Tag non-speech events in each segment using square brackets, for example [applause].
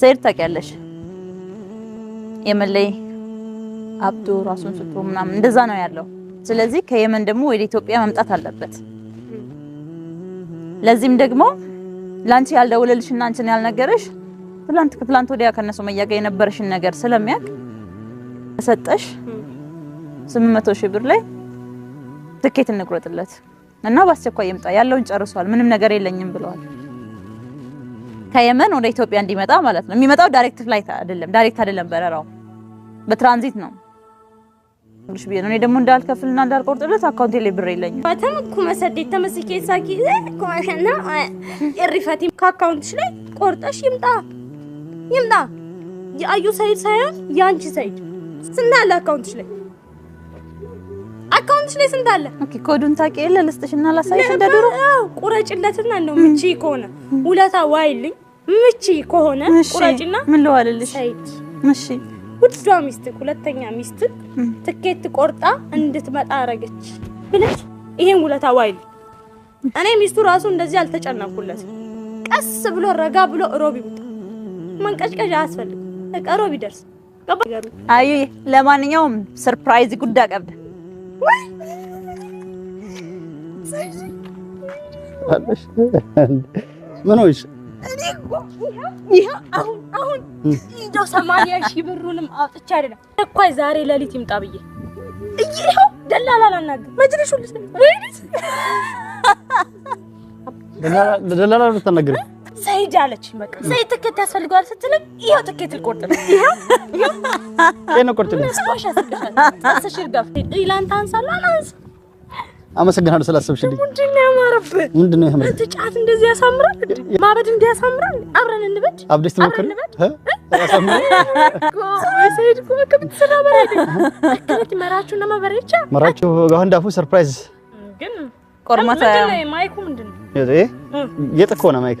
ሰይድ ታውቂያለሽ፣ የመን ላይ አብዶ ራሱን ስቶ ምናምን እንደዛ ነው ያለው። ስለዚህ ከየመን ደግሞ ወደ ኢትዮጵያ መምጣት አለበት። ለዚህም ደግሞ ላንቺ እና አንቺን ያልነገረሽ ትላንት ከትላንት ወዲያ ከነሱ መያጋ የነበረሽን ነገር ስለሚያውቅ ሰጠሽ 800 ሺህ ብር ላይ ትኬት እንቁረጥለት እና በአስቸኳይ ይምጣ። ያለውን ጨርሷል። ምንም ነገር የለኝም ብለዋል። ከየመን ወደ ኢትዮጵያ እንዲመጣ ማለት ነው። የሚመጣው ዳይሬክት ፍላይት አይደለም፣ ዳይሬክት አይደለም በረራው በትራንዚት ነው። ብሽ ቢሆን እኔ ደግሞ እንዳልከፍልና እንዳልቆርጥለት አካውንቴ ላይ ብር የለኝም። ፈተም እኮ መሰደድ ተመስኬ ሳኪ ኮማሽና እሪፈቲ ከአካውንትሽ ላይ ቆርጠሽ ይምጣ ይምጣ። የአዩ ሰይድ ሳይሆን የአንቺ ሰይድ ስናለ አካውንትሽ ላይ አንቺ ላይ ስንት አለ? ኦኬ ኮዱን ታውቂ የለ ልስጥሽና ላሳይሽ እንደ ድሮ ቁረጭለትና እንደው ምቺ ከሆነ ውለታ ዋይልኝ ምቺ ከሆነ ቁረጭና ምን ልዋልልሽ? እሺ ውዷ ሚስት ሁለተኛ ሚስት ትኬት ቆርጣ እንድትመጣ አረገች ብለሽ ይሄን ውለታ ዋይል። እኔ ሚስቱ ራሱ እንደዚህ አልተጨነኩለት። ቀስ ብሎ ረጋ ብሎ ሮብ ይውጣ። መንቀጭቀጭ አያስፈልግም። በቃ ሮብ ይደርስ። አይ ለማንኛውም ሰርፕራይዝ ጉዳ ቀብደ ምን ሆንሽ? አሁን አሁን እንደው ሰማንያ ሺህ ብሩንም አውጥቼ አይደለም እኮ ዛሬ ሌሊት ይምጣ ብዬ ይኸው ደላላ ላናግር መጅልሹ ልስ ደላላ ልታናግር ሰይድ አለችኝ። በቃ ሰይድ ትኬት ያስፈልገዋል ስትለኝ ይኸው ትኬት ልቆርጥ ነው። ነው። ስፖሽ አላንስ አመሰግናለሁ ስላሰብሽልኝ። ጫት እንደዚህ ያሳምራል? ማበድ እንዲህ ያሳምራል? አብረን እንበድ። አብደሽ ትሞክሪ። መራችሁ ሰርፕራይዝ ግን ቆርማታ ማይኩ ምንድን ነው? የጥኮ ነው ማይክ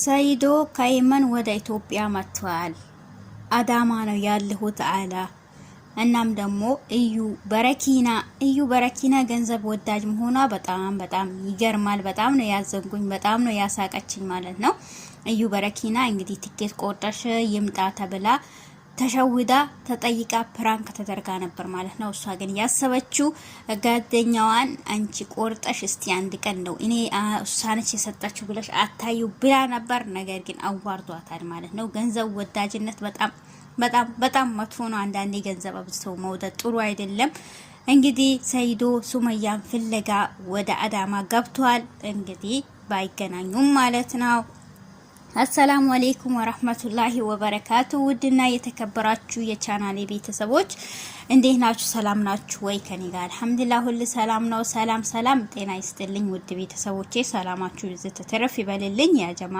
ሰይዶ ከየመን ወደ ኢትዮጵያ መጥተዋል። አዳማ ነው ያለሁት አለ። እናም ደግሞ እዩ በረኪና እዩ በረኪና ገንዘብ ወዳጅ መሆኗ በጣም በጣም ይገርማል። በጣም ነው ያዘንጉኝ፣ በጣም ነው ያሳቀችኝ ማለት ነው። እዩ በረኪና እንግዲህ ትኬት ቆርጠሽ ይምጣ ተብላ ተሸውዳ ተጠይቃ ፕራንክ ተደርጋ ነበር ማለት ነው። እሷ ግን ያሰበችው ጓደኛዋን አንቺ ቆርጠሽ እስቲ አንድ ቀን ነው እኔ እሷነች የሰጠችው ብለሽ አታዩ ብላ ነበር። ነገር ግን አዋርዷታል ማለት ነው። ገንዘብ ወዳጅነት በጣም በጣም በጣም መጥፎ ነው። አንዳንዴ ገንዘብ አብዝተው መውደድ ጥሩ አይደለም። እንግዲህ ሰይዶ ሱመያን ፍለጋ ወደ አዳማ ገብቷል። እንግዲህ ባይገናኙም ማለት ነው። አሰላሙ አሌይኩም ወራህመቱላሂ ወበረካቱ። ውድና የተከበራችሁ የቻናሌ ቤተሰቦች እንዴት ናችሁ? ሰላም ናችሁ ወይ? ከኔ ጋር አልሐምዱሊላህ ሁሉ ሰላም ነው። ሰላም ሰላም፣ ጤና ይስጥልኝ ውድ ቤተሰቦቼ፣ ሰላማችሁ ይብዛ ተረፍ ይበልልኝ ያጀማ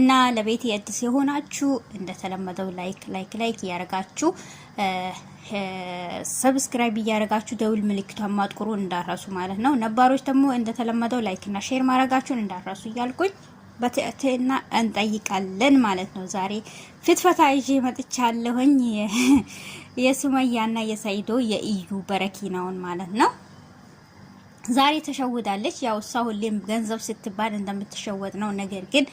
እና ለቤት የአዲስ የሆናችሁ እንደተለመደው ላይክ ላይክ ላይክ እያረጋችሁ ሰብስክራይብ እያረጋችሁ ደውል ምልክቷ ማጥቁሩ እንዳረሱ ማለት ነው። ነባሮች ደግሞ እንደተለመደው ላይክ እና ሼር ማድረጋችሁን እንዳረሱ እያልኩኝ በትዕትና እንጠይቃለን ማለት ነው። ዛሬ ፍትፈታ ይዤ መጥቻለሁኝ። [laughs] የሱመያና የሰይዶ የኢዩ በረኪናውን ማለት ነው። ዛሬ ተሸውዳለች። ያው እሷ ሁሌም ገንዘብ ስትባል እንደምትሸወጥ ነው። ነገር ግን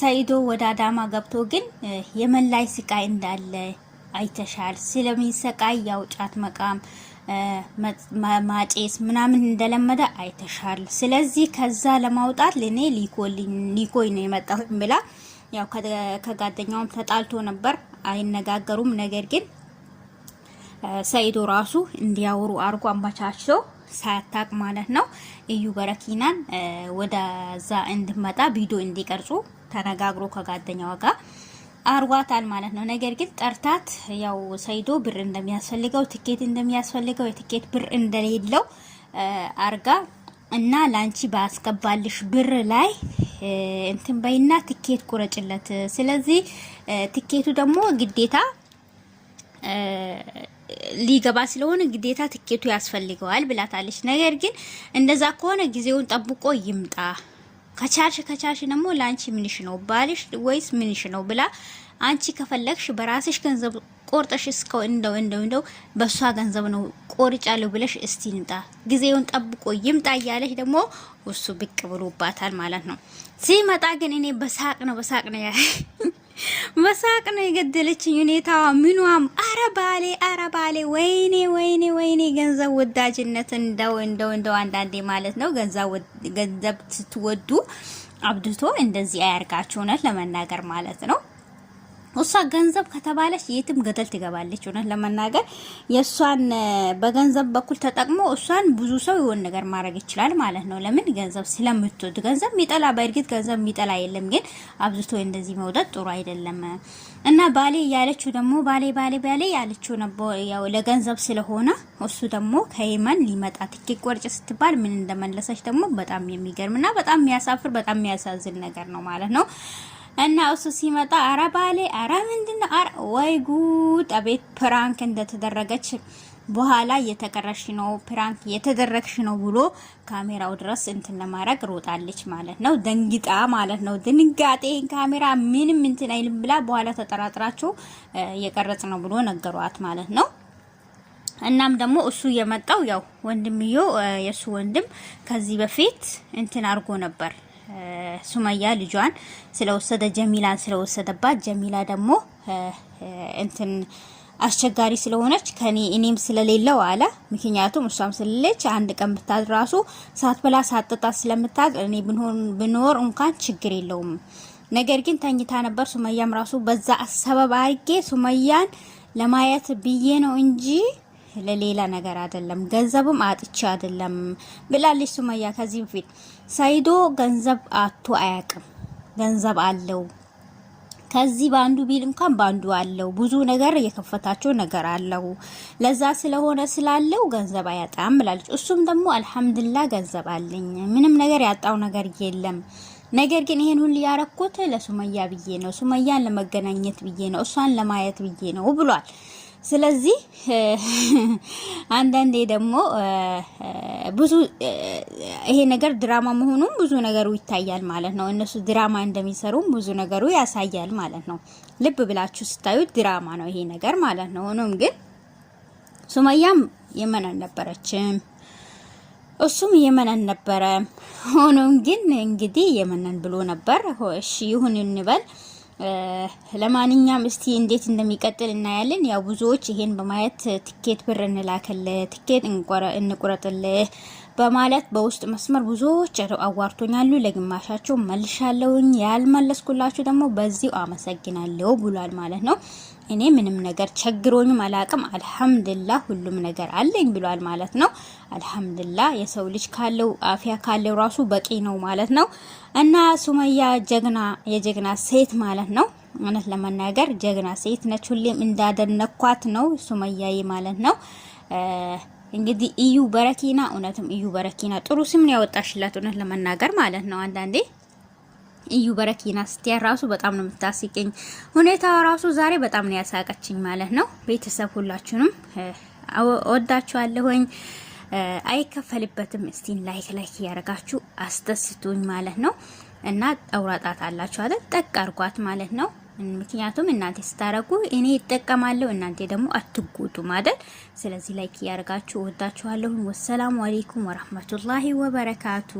ሰይዶ ወደ አዳማ ገብቶ ግን የመላይ ስቃይ እንዳለ አይተሻል። ስለሚሰቃይ ያው ጫት መቃም ማጨስ ምናምን እንደለመደ አይተሻል። ስለዚህ ከዛ ለማውጣት ለኔ ሊኮይ ነው የመጣሁኝ ብላ ያው ከጓደኛውም ተጣልቶ ነበር፣ አይነጋገሩም። ነገር ግን ሰይዶ ራሱ እንዲያወሩ አርጎ አመቻችቶ ሳያታቅ ማለት ነው እዩ በረኪናን ወደዛ እንድመጣ ቪዲዮ እንዲቀርጹ ተነጋግሮ ከጓደኛዋ ጋር አርዋታል ማለት ነው። ነገር ግን ጠርታት ያው ሰይዶ ብር እንደሚያስፈልገው ትኬት እንደሚያስፈልገው የትኬት ብር እንደሌለው አርጋ እና ላንቺ ባስገባልሽ ብር ላይ እንትን በይና ትኬት ቁረጭለት። ስለዚህ ትኬቱ ደግሞ ግዴታ ሊገባ ስለሆነ ግዴታ ትኬቱ ያስፈልገዋል ብላታለች። ነገር ግን እንደዛ ከሆነ ጊዜውን ጠብቆ ይምጣ ከቻልሽ ከቻልሽ ደግሞ ለአንቺ ምንሽ ነው ባልሽ ወይስ ምንሽ ነው ብላ አንቺ ከፈለግሽ በራስሽ ገንዘብ ቆርጠሽ እስከው እንደው እንደው እንደው በሷ ገንዘብ ነው ቆርጫለሁ ብለሽ እስቲ ይምጣ ጊዜውን ጠብቆ ይምጣ እያለሽ ደግሞ እሱ ብቅ ብሎባታል ማለት ነው። ሲመጣ ግን እኔ በሳቅ ነው በሳቅ ነው ያ መሳቅ ነው የገደለችኝ ሁኔታዋ ምኗም። አረ ባሌ፣ አረ ባሌ፣ ወይኔ፣ ወይኔ፣ ወይኔ ገንዘብ ወዳጅነት እንደው እንደው እንደው አንዳንዴ ማለት ነው ገንዘብ ስትወዱ አብድቶ እንደዚህ አያርጋችሁ እውነት ለመናገር ማለት ነው። እሷ ገንዘብ ከተባለች የትም ገደል ትገባለች። እውነት ለመናገር የእሷን በገንዘብ በኩል ተጠቅሞ እሷን ብዙ ሰው የሆን ነገር ማድረግ ይችላል ማለት ነው። ለምን ገንዘብ ስለምትወድ፣ ገንዘብ የሚጠላ በእርግጥ ገንዘብ የሚጠላ የለም፣ ግን አብዝቶ እንደዚህ መውደድ ጥሩ አይደለም እና ባሌ ያለችው ደግሞ ባሌ ባሌ ባሌ ያለችው ነበር ያው ለገንዘብ ስለሆነ እሱ ደግሞ ከየመን ሊመጣ ትኬት ቆርጭ ስትባል ምን እንደመለሰች ደግሞ በጣም የሚገርምና በጣም የሚያሳፍር በጣም የሚያሳዝን ነገር ነው ማለት ነው። እና እሱ ሲመጣ አረ ባሌ አረ ምንድነው አረ ወይ ጉድ አቤት ፕራንክ እንደተደረገች በኋላ እየተቀረሽ ነው ፕራንክ እየተደረግሽ ነው ብሎ ካሜራው ድረስ እንትን ለማድረግ ሮጣለች ማለት ነው። ደንግጣ ማለት ነው። ድንጋጤ ካሜራ ምንም እንትን አይልም ብላ በኋላ ተጠራጥራችሁ እየቀረጽ ነው ብሎ ነገሯት ማለት ነው። እናም ደግሞ እሱ የመጣው ያው ወንድምዮ የእሱ ወንድም ከዚህ በፊት እንትን አድርጎ ነበር ሱመያ ልጇን ስለወሰደ ጀሚላን ስለወሰደባት ጀሚላ ደግሞ እንትን አስቸጋሪ ስለሆነች ከኔ እኔም ስለሌለው አለ። ምክንያቱም እሷም ስለሌለች አንድ ቀን ብታድ ራሱ ሳትበላ ሳትጠጣ ስለምታድ እኔ ብኖር እንኳን ችግር የለውም። ነገር ግን ተኝታ ነበር። ሱመያም ራሱ በዛ አሰበብ አድርጌ ሱመያን ለማየት ብዬ ነው እንጂ ለሌላ ነገር አይደለም፣ ገንዘብም አጥቼ አይደለም ብላለች ሱመያ። ከዚህ በፊት ሳይዶ ገንዘብ አቶ አያቅም፣ ገንዘብ አለው። ከዚህ በአንዱ ቢል እንኳን በአንዱ አለው። ብዙ ነገር የከፈታቸው ነገር አለው። ለዛ ስለሆነ ስላለው ገንዘብ አያጣም ብላለች። እሱም ደግሞ አልሐምድላ ገንዘብ አለኝ፣ ምንም ነገር ያጣው ነገር የለም ነገር ግን ይሄን ሁሉ ያረኩት ለሱመያ ብዬ ነው፣ ሱመያን ለመገናኘት ብዬ ነው፣ እሷን ለማየት ብዬ ነው ብሏል። ስለዚህ [laughs] አንዳንዴ ደግሞ ብዙ ይሄ ነገር ድራማ መሆኑም ብዙ ነገሩ ይታያል ማለት ነው። እነሱ ድራማ እንደሚሰሩም ብዙ ነገሩ ያሳያል ማለት ነው። ልብ ብላችሁ ስታዩት ድራማ ነው ይሄ ነገር ማለት ነው። ሆኖም ግን ሱመያም የመን አልነበረችም፣ እሱም የመን አልነበረም። ሆኖም ግን እንግዲህ የመንን ብሎ ነበር። እሺ ይሁን እንበል። ለማንኛም እስቲ እንዴት እንደሚቀጥል እናያለን። ያው ብዙዎች ይሄን በማየት ትኬት ብር እንላከለ ትኬት እንቁረጥልህ በማለት በውስጥ መስመር ብዙዎች አዋርቶኛሉ። ለግማሻቸው መልሻለሁኝ፣ ያልመለስኩላችሁ ደግሞ በዚሁ አመሰግናለሁ ብሏል ማለት ነው። እኔ ምንም ነገር ቸግሮኝም አላቅም፣ አልሐምድላ ሁሉም ነገር አለኝ ብሏል ማለት ነው። አልሐምድላ የሰው ልጅ ካለው አፊያ ካለው ራሱ በቂ ነው ማለት ነው። እና ሱመያ ጀግና የጀግና ሴት ማለት ነው። እውነት ለመናገር ጀግና ሴት ነች። ሁሌም እንዳደነኳት ነው ሱመያዬ ማለት ነው። እንግዲህ እዩ በረኪና እውነትም እዩ በረኪና ጥሩ ስም ነው ያወጣሽላት፣ እውነት ለመናገር ማለት ነው። አንዳንዴ እዩ በረኪና ስትያ ራሱ በጣም ነው የምታስቀኝ። ሁኔታዋ ራሱ ዛሬ በጣም ነው ያሳቀችኝ ማለት ነው። ቤተሰብ ሁላችሁንም እወዳችኋለሁኝ። አይከፈልበትም። እስቲን ላይክ ላይክ እያደረጋችሁ አስደስቱኝ ማለት ነው። እና ጠውራጣት አላችሁ አይደል? ጠቅ አርጓት ማለት ነው። ምክንያቱም እናንተ ስታረጉ እኔ ይጠቀማለሁ፣ እናንተ ደግሞ አትጎዱ ማለት። ስለዚህ ላይክ እያደረጋችሁ ወዳችኋለሁ። ወሰላሙ አሌይኩም ወረህመቱላሂ ወበረካቱ